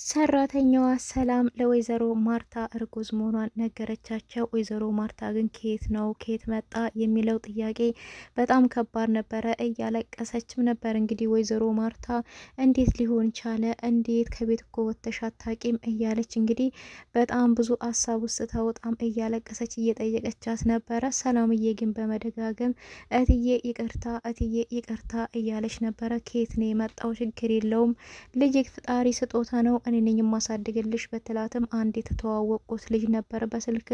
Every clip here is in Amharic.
ሰራተኛዋ ሰላም ለወይዘሮ ማርታ እርጉዝ መሆኗን ነገረቻቸው። ወይዘሮ ማርታ ግን ከየት ነው ከየት መጣ የሚለው ጥያቄ በጣም ከባድ ነበረ። እያለቀሰችም ነበር። እንግዲህ ወይዘሮ ማርታ እንዴት ሊሆን ቻለ? እንዴት ከቤት እኮ ወጥተሽ አታቂም? እያለች እንግዲህ በጣም ብዙ አሳብ ውስጥ ተውጣም እያለቀሰች እየጠየቀቻት ነበረ። ሰላምዬ ግን በመደጋገም እትዬ ይቅርታ፣ እትዬ ይቅርታ እያለች ነበረ። ከየት ነው የመጣው? ችግር የለውም ልጅ ፍጣሪ ስጦታ ነው እኔ ነኝ የማሳድግልሽ በትላትም አንድ የተተዋወቁት ልጅ ነበር በስልክ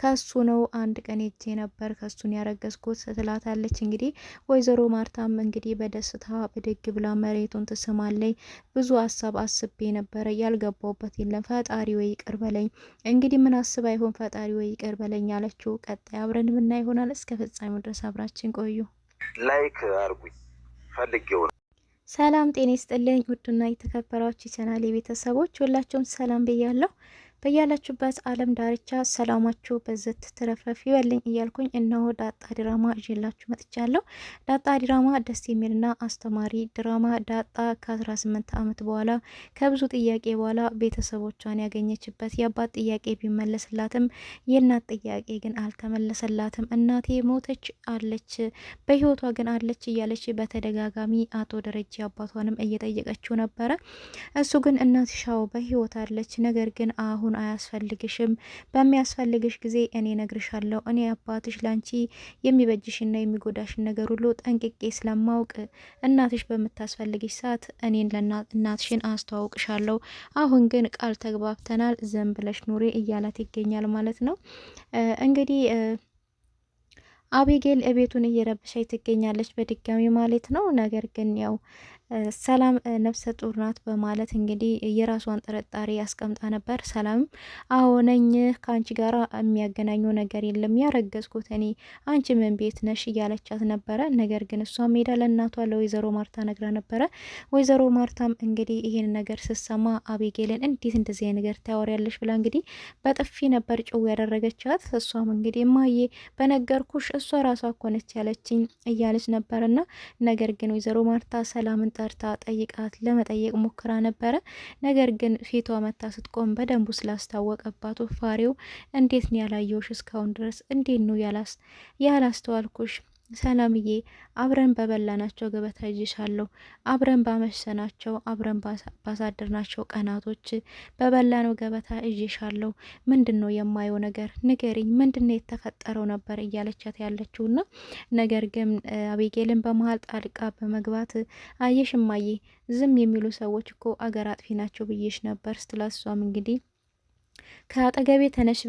ከሱ ነው አንድ ቀን ሄጄ ነበር ከሱን ያረገዝኩት ትላታለች። እንግዲህ ወይዘሮ ማርታም እንግዲህ በደስታ ብድግ ብላ መሬቱን ትስማለኝ። ብዙ ሀሳብ አስቤ ነበረ ያልገባውበት የለም ፈጣሪ ወይ ይቅር በለኝ። እንግዲህ ምን አስብ አይሆን ፈጣሪ ወይ ይቅር በለኝ አለችው። ቀጣይ አብረን ምና ይሆናል። እስከ ፍጻሜው ድረስ አብራችን ቆዩ። ላይክ አርጉኝ ፈልጌው ሰላም ጤና ይስጥልኝ። ውድና የተከበራችሁ ቻናሌ ቤተሰቦች ሁላችሁም ሰላም ብያለሁ። በያላችሁበት አለም ዳርቻ ሰላማችሁ በዘት ትረፈፍ ይበልኝ እያልኩኝ እነሆ ዳጣ ድራማ ይዤላችሁ መጥቻለሁ። ዳጣ ድራማ ደስ የሚልና አስተማሪ ድራማ ዳጣ ከ18 ዓመት በኋላ ከብዙ ጥያቄ በኋላ ቤተሰቦቿን ያገኘችበት የአባት ጥያቄ ቢመለስላትም የእናት ጥያቄ ግን አልተመለሰላትም። እናቴ ሞተች አለች፣ በህይወቷ ግን አለች እያለች በተደጋጋሚ አቶ ደረጀ አባቷንም እየጠየቀችው ነበረ። እሱ ግን እናትሻው በህይወት አለች፣ ነገር ግን አሁን አያስፈልግሽም። በሚያስፈልግሽ ጊዜ እኔ ነግርሻለሁ። እኔ አባትሽ ላንቺ የሚበጅሽና የሚጎዳሽን ነገር ሁሉ ጠንቅቄ ስለማውቅ እናትሽ በምታስፈልግሽ ሰዓት እኔን ለእናትሽን አስተዋውቅሻለሁ። አሁን ግን ቃል ተግባብተናል፣ ዘን ብለሽ ኑሪ እያላት ይገኛል ማለት ነው እንግዲህ አቢጌል እቤቱን እየረበሸች ትገኛለች በድጋሚ ማለት ነው። ነገር ግን ያው ሰላም ነፍሰ ጡር ናት በማለት እንግዲህ የራሷን ጥርጣሬ ያስቀምጣ ነበር። ሰላም አዎ ነኝ፣ ከአንቺ ጋር የሚያገናኘው ነገር የለም፣ ያረገዝኩት እኔ፣ አንቺ ምን ቤት ነሽ እያለቻት ነበረ። ነገር ግን እሷ ሜዳ ለእናቷ ለወይዘሮ ማርታ ነግራ ነበረ። ወይዘሮ ማርታም እንግዲህ ይሄን ነገር ስሰማ አቤጌልን እንዴት እንደዚህ ነገር ታወሪያለሽ ብላ እንግዲህ በጥፊ ነበር ጭው ያደረገቻት። እሷም እንግዲህ እማዬ በነገርኩሽ እሷ ራሷ ኮነች ያለችኝ እያለች ነበርና ነገር ግን ወይዘሮ ማርታ ሰላምን ጠርታ ጠይቃት ለመጠየቅ ሞክራ ነበረ። ነገር ግን ፊቷ መታ ስትቆም በደንቡ ስላስታወቀባት ወፋሪው እንዴት ነው ያላየውሽ እስካሁን ድረስ? እንዴት ነው ያላስተዋልኩሽ? ሰላምዬ አብረን በበላናቸው ገበታ ይዤሻለሁ፣ አብረን ባመሸናቸው፣ አብረን ባሳደርናቸው ቀናቶች በበላነው ገበታ ይዤሻለሁ። ምንድን ነው የማየው ነገር ንገሪኝ፣ ምንድን ነው የተፈጠረው ነበር እያለቻት ያለችው ና ነገር ግን አቤጌልን በመሀል ጣልቃ በመግባት አየሽ እማዬ፣ ዝም የሚሉ ሰዎች እኮ አገር አጥፊ ናቸው ብዬሽ ነበር ስትላሷም እንግዲህ ከአጠገቤ ተነሽ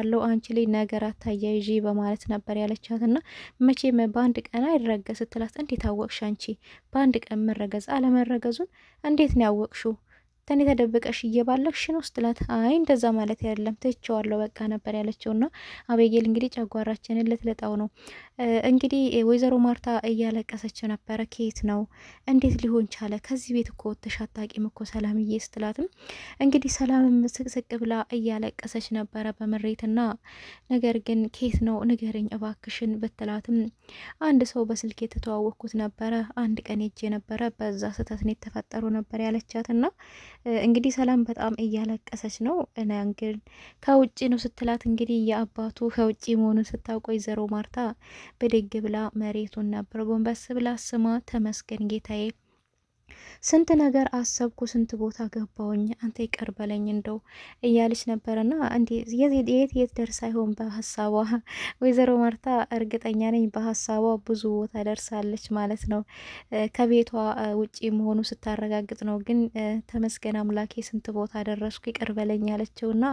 አለው አንቺ ላይ ነገር አታያይዥ በማለት ነበር ያለቻት። ና መቼም በአንድ ቀን አይረገዝ ስትላት፣ እንዴት አወቅሽ አንቺ በአንድ ቀን መረገዝ አለመረገዙን እንዴት ነው ያወቅሽው? ተኔ ተደብቀሽ እየባለግሽ ነው ስትላት፣ አይ እንደዛ ማለት አይደለም ትቼዋለሁ በቃ ነበር ያለችውና አቤጌል እንግዲህ ጨጓራችንን ልትልጠው ነው። እንግዲህ ወይዘሮ ማርታ እያለቀሰች ነበረ። ከየት ነው እንዴት ሊሆን ቻለ? ከዚህ ቤት እኮ ወጥተሽ አታውቂም እኮ ሰላምዬ ስትላትም እንግዲህ ሰላምም ስቅስቅ ብላ እያለቀሰች ነበረ ና ነገር ግን ከየት ነው ንገርኝ እባክሽን ብትላትም አንድ ሰው በስልክ የተተዋወቅኩት ነበረ አንድ ቀን ሄጄ ነበረ በዛ ስህተት ነው የተፈጠሩ ነበር ያለቻትና እንግዲህ ሰላም በጣም እያለቀሰች ነው። ናንግን ከውጭ ነው ስትላት እንግዲህ የአባቱ ከውጭ መሆኑን ስታውቅ ወይዘሮ ማርታ ብድግ ብላ መሬቱን ነበር ጎንበስ ብላ ስማ፣ ተመስገን ጌታዬ ስንት ነገር አሰብኩ፣ ስንት ቦታ ገባውኝ፣ አንተ ይቅር በለኝ እንደው እያለች ነበረና የት የት ደርሳ ይሆን በሀሳቧ? ወይዘሮ ማርታ እርግጠኛ ነኝ በሀሳቧ ብዙ ቦታ ደርሳለች ማለት ነው። ከቤቷ ውጪ መሆኑ ስታረጋግጥ ነው። ግን ተመስገን አምላኬ ስንት ቦታ ደረስኩ፣ ይቅር በለኝ ያለችውና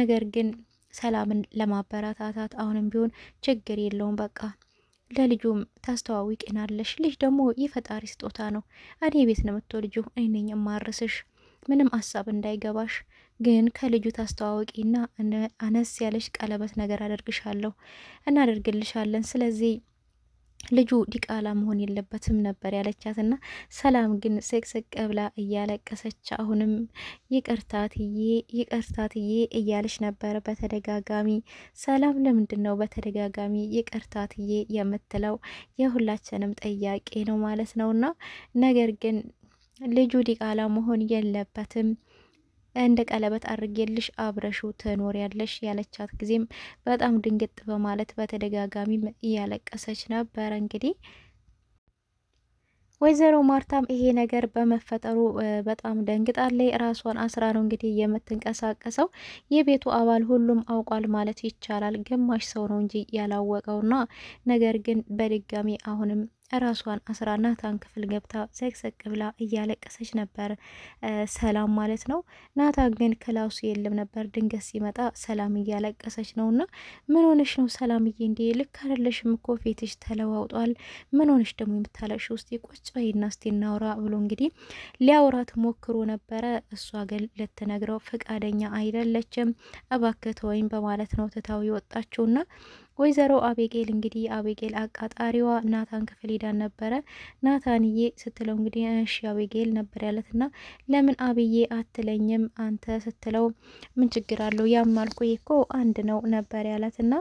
ነገር ግን ሰላምን ለማበረታታት አሁንም ቢሆን ችግር የለውም በቃ ለልጁም ታስተዋውቂናለሽ። ልጅ ደግሞ የፈጣሪ ስጦታ ነው። እኔ ቤት ነው መጥቶ ልጁ እኔ ነኝ የማርስሽ፣ ምንም ሀሳብ እንዳይገባሽ። ግን ከልጁ ታስተዋውቂና አነስ ያለሽ ቀለበት ነገር አደርግሻለሁ እናደርግልሻለን። ስለዚህ ልጁ ዲቃላ መሆን የለበትም ነበር ያለቻት እና ሰላም ግን ስቅስቅ ብላ እያለቀሰች አሁንም ይቅርታ ትዬ እያለች ነበር በተደጋጋሚ። ሰላም ለምንድን ነው በተደጋጋሚ ይቅርታ የምትለው የሁላችንም ጥያቄ ነው ማለት ነውና ነገር ግን ልጁ ዲቃላ መሆን የለበትም እንደ ቀለበት አድርጌልሽ አብረሹ ያለሽ ያለቻት ጊዜም በጣም ድንግጥ በማለት በተደጋጋሚ እያለቀሰች ነበረ። እንግዲህ ወይዘሮ ማርታም ይሄ ነገር በመፈጠሩ በጣም ደንግጣለች። ራሷን አስራ ነው እንግዲህ የምትንቀሳቀሰው። የቤቱ አባል ሁሉም አውቋል ማለት ይቻላል። ግማሽ ሰው ነው እንጂ ያላወቀውና ነገር ግን በድጋሚ አሁንም ራሷን አስራ ናታን ክፍል ገብታ ዘቅዘቅ ብላ እያለቀሰች ነበር ሰላም ማለት ነው። ናታን ግን ክላሱ የለም ነበር። ድንገት ሲመጣ ሰላም እያለቀሰች ነው እና ምን ሆነሽ ነው ሰላምዬ? እንዴ ልክ አይደለሽም እኮ ፊትሽ ተለዋውጧል። ምን ሆነሽ ደግሞ የምታለቅሽ? ውስጥ ቁጭ በይና እስቲ እናውራ ብሎ እንግዲህ ሊያውራት ሞክሮ ነበረ። እሷ ግን ልትነግረው ፈቃደኛ አይደለችም። እባክህ ተወኝ በማለት ነው ትታው የወጣችውና ወይዘሮ አቤጌል እንግዲህ አቤጌል አቃጣሪዋ ናታን ክፍል ሄዳ ነበረ። ናታንዬ ስትለው እንግዲህ እሺ አቤጌል ነበር ያለት እና ለምን አብዬ አትለኝም አንተ ስትለው ምን ችግር አለው ያማልኩ እኮ አንድ ነው ነበር ያለት እና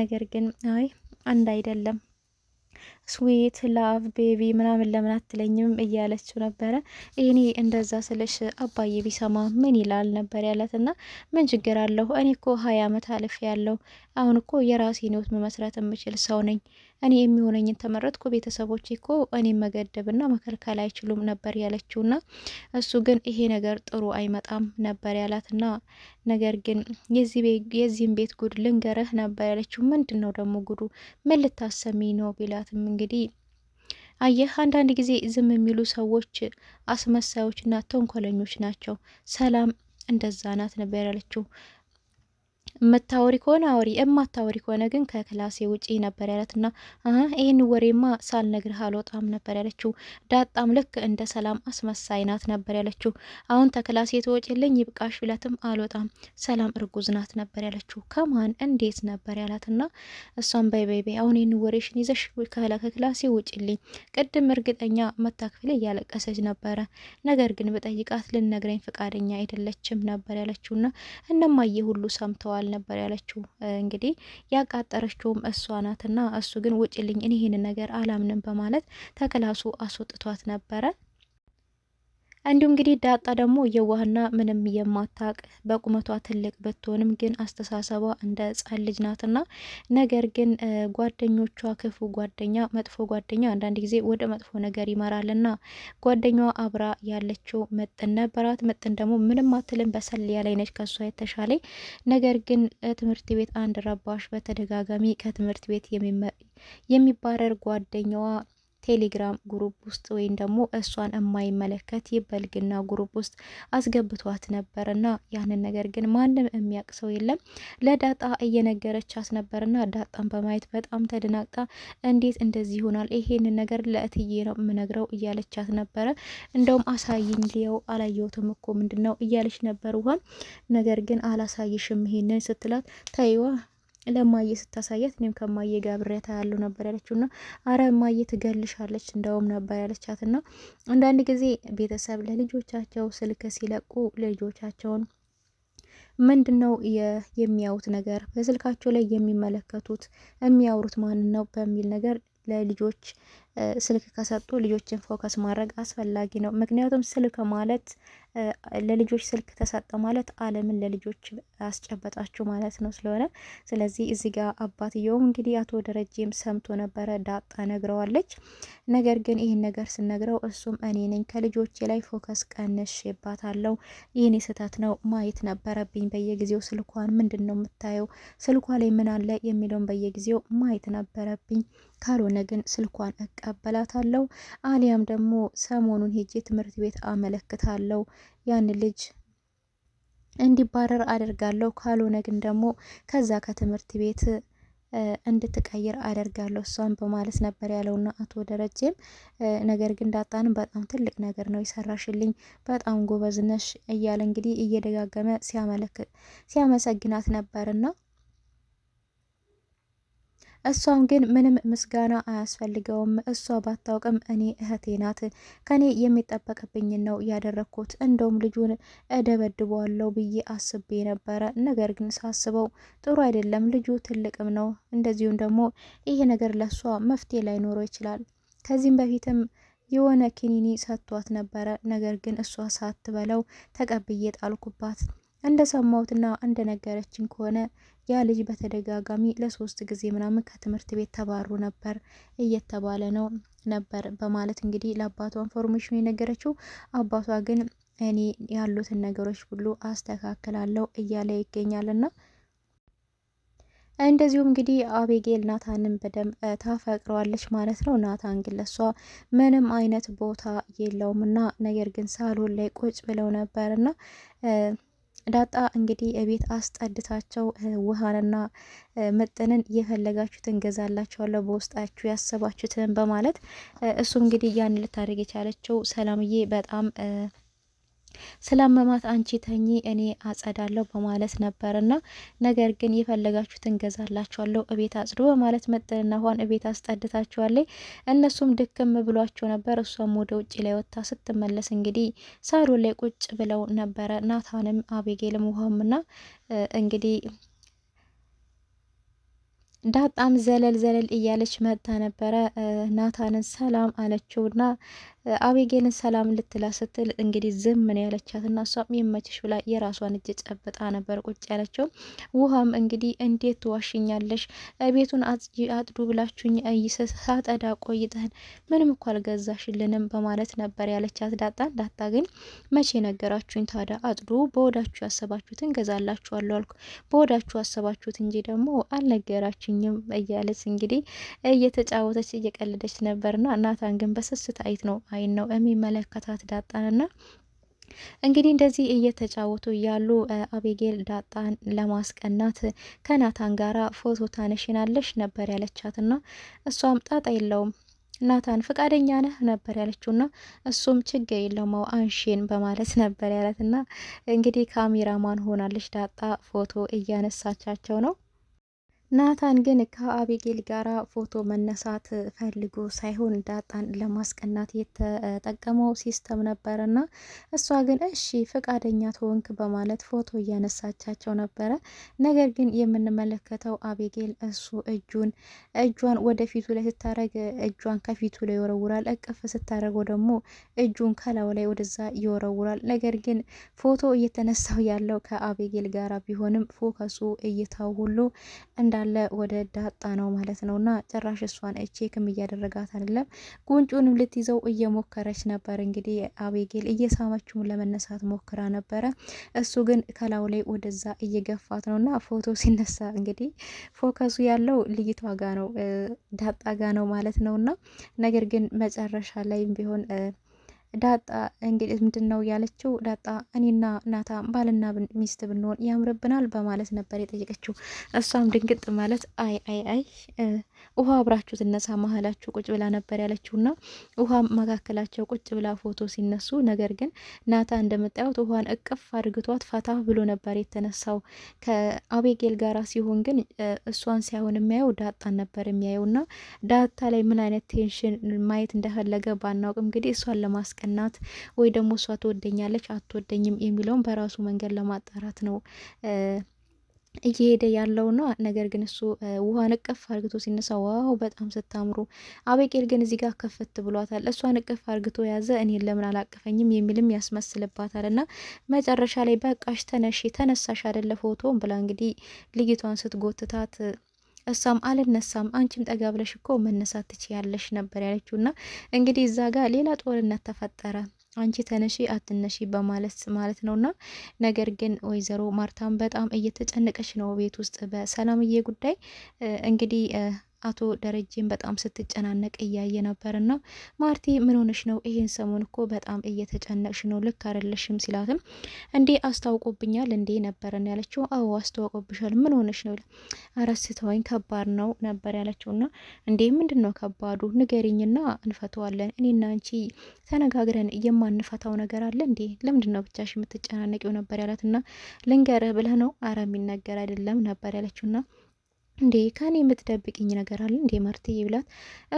ነገር ግን አይ አንድ አይደለም ስዊት ላቭ ቤቢ ምናምን ለምን አትለኝም እያለችው ነበረ። እኔ እንደዛ ስልሽ አባዬ ቢሰማ ምን ይላል ነበር ያለት እና ምን ችግር አለሁ እኔ እኮ ሀያ አመት አልፍ ያለው አሁን እኮ የራሴን ህይወት መመስረት የምችል ሰው ነኝ። እኔ የሚሆነኝን ተመረጥኩ። ቤተሰቦች እኮ እኔ መገደብና መከልከል አይችሉም ነበር ያለችውና እሱ ግን ይሄ ነገር ጥሩ አይመጣም ነበር ያላትና ነገር ግን የዚህን ቤት ጉድ ልንገረህ ነበር ያለችው። ምንድን ነው ደግሞ ጉዱ? ምን ልታሰሚ ነው ቢላትም እንግዲህ አየህ አንዳንድ ጊዜ ዝም የሚሉ ሰዎች አስመሳዮችና ተንኮለኞች ናቸው። ሰላም እንደዛ ናት ነበር ያለችው። የምታወሪ ከሆነ አውሪ፣ የማታወሪ ከሆነ ግን ከክላሴ ውጪ ነበር ያለትና ይህን ወሬማ ሳልነግርህ አልወጣም ነበር ያለችው። ዳጣም ልክ እንደ ሰላም አስመሳይ ናት ነበር ያለችው። አሁን ተክላሴ ትወጪልኝ ይብቃሽ ቢላትም አልወጣም፣ ሰላም እርጉዝ ናት ነበር ያለችው። ከማን እንዴት ነበር ያላትና እሷም በይ በይ በይ አሁን ይህን ወሬሽን ይዘሽ ከክላሴ ውጪልኝ። ቅድም እርግጠኛ መታክፍል እያለቀሰች ነበረ፣ ነገር ግን በጠይቃት ልነግረኝ ፈቃደኛ አይደለችም ነበር ያለችውና እነማየ ሁሉ ሰምተዋል። ይገባል ነበር ያለችው። እንግዲህ ያቃጠረችውም እሷ ናትና እሱ ግን ውጭልኝ፣ እኔ ይህን ነገር አላምንም በማለት ተክላሱ አስወጥቷት ነበረ። እንዲሁም እንግዲህ ዳጣ ደግሞ የዋህና ምንም የማታቅ በቁመቷ ትልቅ ብትሆንም ግን አስተሳሰቧ እንደ ሕፃን ልጅ ናትና፣ ነገር ግን ጓደኞቿ ክፉ ጓደኛ፣ መጥፎ ጓደኛ አንዳንድ ጊዜ ወደ መጥፎ ነገር ይመራልና ጓደኛዋ አብራ ያለችው ምጥን ነበራት። ምጥን ደግሞ ምንም አትልም፣ በሰልያ ላይ ነች ከሷ የተሻለ ነገር ግን ትምህርት ቤት አንድ ረባሽ በተደጋጋሚ ከትምህርት ቤት የሚባረር ጓደኛዋ ቴሌግራም ግሩፕ ውስጥ ወይም ደግሞ እሷን የማይመለከት የበልግና ግሩፕ ውስጥ አስገብቷት ነበር ያንን ነገር ግን ማንም የሚያውቅ ሰው የለም። ለዳጣ እየነገረቻት ነበርና ዳጣን በማየት በጣም ተደናግጣ እንዴት እንደዚህ ይሆናል? ይሄንን ነገር ለእትዬ ነው የምነግረው እያለቻት ነበረ። እንደውም አሳይኝ ሊየው አላየሁትም እኮ ምንድን ነው እያለች ነበር ውሃ ነገር ግን አላሳይሽም ይሄንን ስትላት ተይዋ ለማየ ስታሳያት እኔም ከማየ ጋር ብሬታ ያለው ነበር ያለችው እና አረ ማየ ትገልሻለች እንደውም ነበር ያለቻት ና አንዳንድ ጊዜ ቤተሰብ ለልጆቻቸው ስልክ ሲለቁ ልጆቻቸውን ምንድን ነው የሚያዩት ነገር በስልካቸው ላይ የሚመለከቱት የሚያወሩት ማን ነው በሚል ነገር ለልጆች ስልክ ከሰጡ ልጆችን ፎከስ ማድረግ አስፈላጊ ነው። ምክንያቱም ስልክ ማለት ለልጆች ስልክ ተሰጠ ማለት ዓለምን ለልጆች አስጨበጣችሁ ማለት ነው ስለሆነ ስለዚህ እዚህ ጋር አባትየውም እንግዲህ አቶ ደረጀም ሰምቶ ነበረ። ዳጣ ነግረዋለች። ነገር ግን ይህን ነገር ስነግረው እሱም እኔ ነኝ ከልጆቼ ላይ ፎከስ ቀንሼባታለሁ። ይህኔ ስህተት ነው ማየት ነበረብኝ በየጊዜው ስልኳን ምንድን ነው የምታየው ስልኳ ላይ ምን አለ የሚለውን በየጊዜው ማየት ነበረብኝ። ካልሆነ ግን ስልኳን እቀበላታለሁ አሊያም ደግሞ ሰሞኑን ሄጄ ትምህርት ቤት አመለክታለሁ። ያን ልጅ እንዲባረር አደርጋለሁ። ካልሆነ ግን ደግሞ ከዛ ከትምህርት ቤት እንድትቀይር አደርጋለሁ እሷን በማለት ነበር ያለውና አቶ ደረጀም ነገር ግን ዳጣንም በጣም ትልቅ ነገር ነው የሰራሽልኝ፣ በጣም ጎበዝነሽ እያለ እንግዲህ እየደጋገመ ሲያመሰግናት ነበርና እሷም ግን ምንም ምስጋና አያስፈልገውም። እሷ ባታውቅም እኔ እህቴ ናት። ከኔ የሚጠበቅብኝን ነው ያደረግኩት። እንደውም ልጁን እደበድበዋለሁ ብዬ አስቤ ነበረ። ነገር ግን ሳስበው ጥሩ አይደለም። ልጁ ትልቅም ነው። እንደዚሁም ደግሞ ይሄ ነገር ለሷ መፍትሄ ላይኖረው ይችላል። ከዚህም በፊትም የሆነ ኪኒኒ ሰጥቷት ነበረ። ነገር ግን እሷ ሳትበለው ተቀብዬ ጣልኩባት። እንደ እንደነገረችን ከሆነ ያ ልጅ በተደጋጋሚ ለሶስት ጊዜ ምናምን ከትምህርት ቤት ተባሩ ነበር እየተባለ ነው ነበር በማለት እንግዲህ ለአባቷ ኢንፎርሜሽን የነገረችው። አባቷ ግን እኔ ያሉትን ነገሮች ሁሉ አስተካክላለሁ እያለ ይገኛልና እንደዚሁም እንግዲህ አቤጌል ናታንን በደንብ ታፈቅረዋለች ማለት ነው። ናታን ግን ለሷ ምንም አይነት ቦታ የለውም እና ነገር ግን ሳሎን ላይ ቁጭ ብለው ነበር እና ዳጣ እንግዲህ እቤት አስጠድታቸው ውሃንና መጠንን እየፈለጋችሁትን ገዛላችኋለሁ በውስጣችሁ ያሰባችሁትን በማለት እሱም እንግዲህ ያን ልታደርግ የቻለችው ሰላምዬ በጣም ስላመማት አንቺ ተኚ እኔ አጸዳለሁ በማለት ነበርና፣ ነገር ግን የፈለጋችሁትን ገዛላችኋለሁ እቤት አጽዱ በማለት መጥንና ሆን እቤት አስጠድታችኋለች። እነሱም ድክም ብሏቸው ነበር። እሷም ወደ ውጭ ላይ ወጥታ ስትመለስ እንግዲህ ሳሎን ላይ ቁጭ ብለው ነበረ። ናታንም አቤጌልም ውሃምና እንግዲህ ዳጣም ዘለል ዘለል እያለች መጥታ ነበረ። ናታንን ሰላም አለችውና አቤጌልን ሰላም ልትላ ስትል እንግዲህ ዝም ምን ያለቻት እና እሷም የመችሽ ብላ የራሷን እጅ ጨብጣ ነበር ቁጭ ያለችው። ውሃም እንግዲህ እንዴት ትዋሽኛለሽ? ቤቱን አጥዱ ብላችሁኝ ሳጠዳ ቆይተህን ምንም እኳ አልገዛሽልንም በማለት ነበር ያለቻት ዳጣ። ዳጣ ግን መቼ ነገራችሁኝ ታዲያ? አጥዱ በወዳችሁ ያሰባችሁትን ገዛላችኋለሁ አልኩ። በወዳችሁ ያሰባችሁት እንጂ ደግሞ አልነገራችኝም እያለች እንግዲህ እየተጫወተች እየቀለደች ነበርና ናታን ግን በስስት አይት ነው አይን ነው የሚመለከታት ዳጣንና እንግዲህ እንደዚህ እየተጫወቱ እያሉ አቤጌል ዳጣን ለማስቀናት ከናታን ጋራ ፎቶ ታነሽናለሽ ነበር ያለቻትና እሷም ጣጣ የለውም ናታን ፍቃደኛ ነህ ነበር ያለችውና እሱም ችግር የለውም አንሺን በማለት ነበር ያላትና እንግዲህ ካሜራማን ሆናለች ዳጣ ፎቶ እያነሳቻቸው ነው። ናታን ግን ከአቤጌል ጋራ ፎቶ መነሳት ፈልጎ ሳይሆን ዳጣን ለማስቀናት የተጠቀመው ሲስተም ነበረ እና እሷ ግን እሺ ፈቃደኛ ትሆንክ በማለት ፎቶ እያነሳቻቸው ነበረ። ነገር ግን የምንመለከተው አቤጌል እሱ እጁን እጇን ወደፊቱ ላይ ስታረግ እጇን ከፊቱ ላይ ይወረውራል። እቅፍ ስታደረገው ደግሞ እጁን ከላዩ ላይ ወደዛ ይወረውራል። ነገር ግን ፎቶ እየተነሳው ያለው ከአቤጌል ጋራ ቢሆንም ፎከሱ እይታው ሁሉ እንዳ እንዳለ ወደ ዳጣ ነው ማለት ነው። እና ጭራሽ እሷን ክም እያደረጋት አይደለም፣ ጉንጩንም ልትይዘው እየሞከረች ነበር። እንግዲህ አቤጌል እየሳመችውን ለመነሳት ሞክራ ነበረ። እሱ ግን ከላው ላይ ወደዛ እየገፋት ነው። እና ፎቶ ሲነሳ እንግዲህ ፎከሱ ያለው ልይቷ ጋ ነው ዳጣ ጋ ነው ማለት ነው። እና ነገር ግን መጨረሻ ላይም ቢሆን ዳጣ እንግዲህ ምንድን ነው ያለችው? ዳጣ እኔና ናታ ባልና ሚስት ብንሆን ያምርብናል በማለት ነበር የጠየቀችው። እሷም ድንግጥ ማለት አይ አይ አይ ውሃ አብራችሁ ትነሳ መሀላችሁ ቁጭ ብላ ነበር ያለችው። ና ውሃ መካከላቸው ቁጭ ብላ ፎቶ ሲነሱ፣ ነገር ግን ናታ እንደምታዩት ውሃን እቅፍ አድርግቷት ፈታ ብሎ ነበር የተነሳው። ከአቤጌል ጋራ ሲሆን ግን እሷን ሳይሆን የሚያየው ዳጣን ነበር የሚያየው። ና ዳጣ ላይ ምን አይነት ቴንሽን ማየት እንደፈለገ ባናውቅም እንግዲህ እሷን ለማስ እናት ወይ ደግሞ እሷ ትወደኛለች አትወደኝም የሚለውን በራሱ መንገድ ለማጣራት ነው እየሄደ ያለው ነው። ነገር ግን እሱ ውሃን እቅፍ አርግቶ ሲነሳ ዋው በጣም ስታምሩ። አበቄል ግን እዚህ ጋር ከፈት ብሏታል። እሷን እቅፍ አርግቶ ያዘ፣ እኔን ለምን አላቀፈኝም የሚልም ያስመስልባታል። እና መጨረሻ ላይ በቃሽ ተነሽ ተነሳሽ አደለ ፎቶ ብላ እንግዲህ ልጅቷን ስትጎትታት እሷም አልነሳም አንቺም ጠጋ ብለሽ እኮ መነሳት ትችያለሽ ነበር ያለችው። እና እንግዲህ እዛ ጋር ሌላ ጦርነት ተፈጠረ። አንቺ ተነሺ አትነሺ በማለት ማለት ነውና፣ ነገር ግን ወይዘሮ ማርታም በጣም እየተጨነቀች ነው ቤት ውስጥ በሰላምዬ ጉዳይ እንግዲህ አቶ ደረጀን በጣም ስትጨናነቅ እያየ ና ማርቲ ምን ሆነሽ ነው? ይህን ሰሞን እኮ በጣም እየተጨነቅሽ ነው፣ ልክ አይደለሽም ሲላትም እንዴ አስታውቆብኛል እንዴ ነበረን ያለችው። አዎ አስታውቆብሻል፣ ምን ሆነሽ ነው? አረስተወኝ ከባድ ነው ነበር ና እንዴ ምንድን ነው ከባዱ? ንገሪኝና እንፈተዋለን። እኔና አንቺ ተነጋግረን የማንፈታው ነገር አለ እንዴ? ለምንድን ነው ብቻሽ የምትጨናነቂው? ነበር ና ልንገርህ ብለህ ነው አረ የሚነገር አይደለም ነበር ና እንዴ ከኔ የምትደብቅኝ ነገር አለ እንዴ ማርትዬ ብላት፣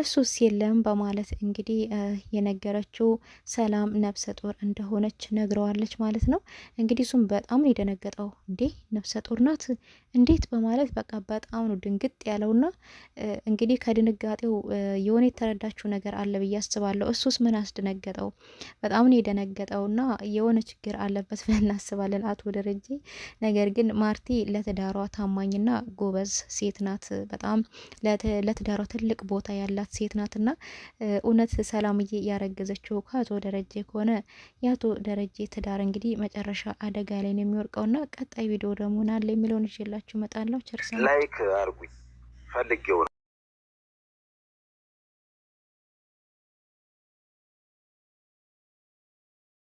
እሱስ የለም በማለት እንግዲህ የነገረችው ሰላም ነፍሰ ጡር እንደሆነች ነግረዋለች ማለት ነው። እንግዲህ እሱም በጣም የደነገጠው። እንዴ ነፍሰ ጡር ናት እንዴት በማለት በቃ በጣም ነው ድንግጥ ያለውና እንግዲህ ከድንጋጤው የሆነ የተረዳችው ነገር አለ ብዬ አስባለሁ። እሱስ ምን አስደነገጠው? በጣም ነው የደነገጠውና የሆነ ችግር አለበት ብለን እናስባለን አቶ ደረጀ። ነገር ግን ማርቲ ለትዳሯ ታማኝና ጎበዝ ሴት ሴት ናት። በጣም ለትዳሯ ትልቅ ቦታ ያላት ሴት ናት እና እውነት ሰላምዬ ያረገዘችው ከአቶ ደረጀ ከሆነ የአቶ ደረጀ ትዳር እንግዲህ መጨረሻ አደጋ ላይ ነው የሚወርቀው። እና ቀጣይ ቪዲዮ ደግሞ ናለ የሚለውን ይዤላችሁ እመጣለሁ። ቸርሰ ላይክ አርጉኝ ፈልጌው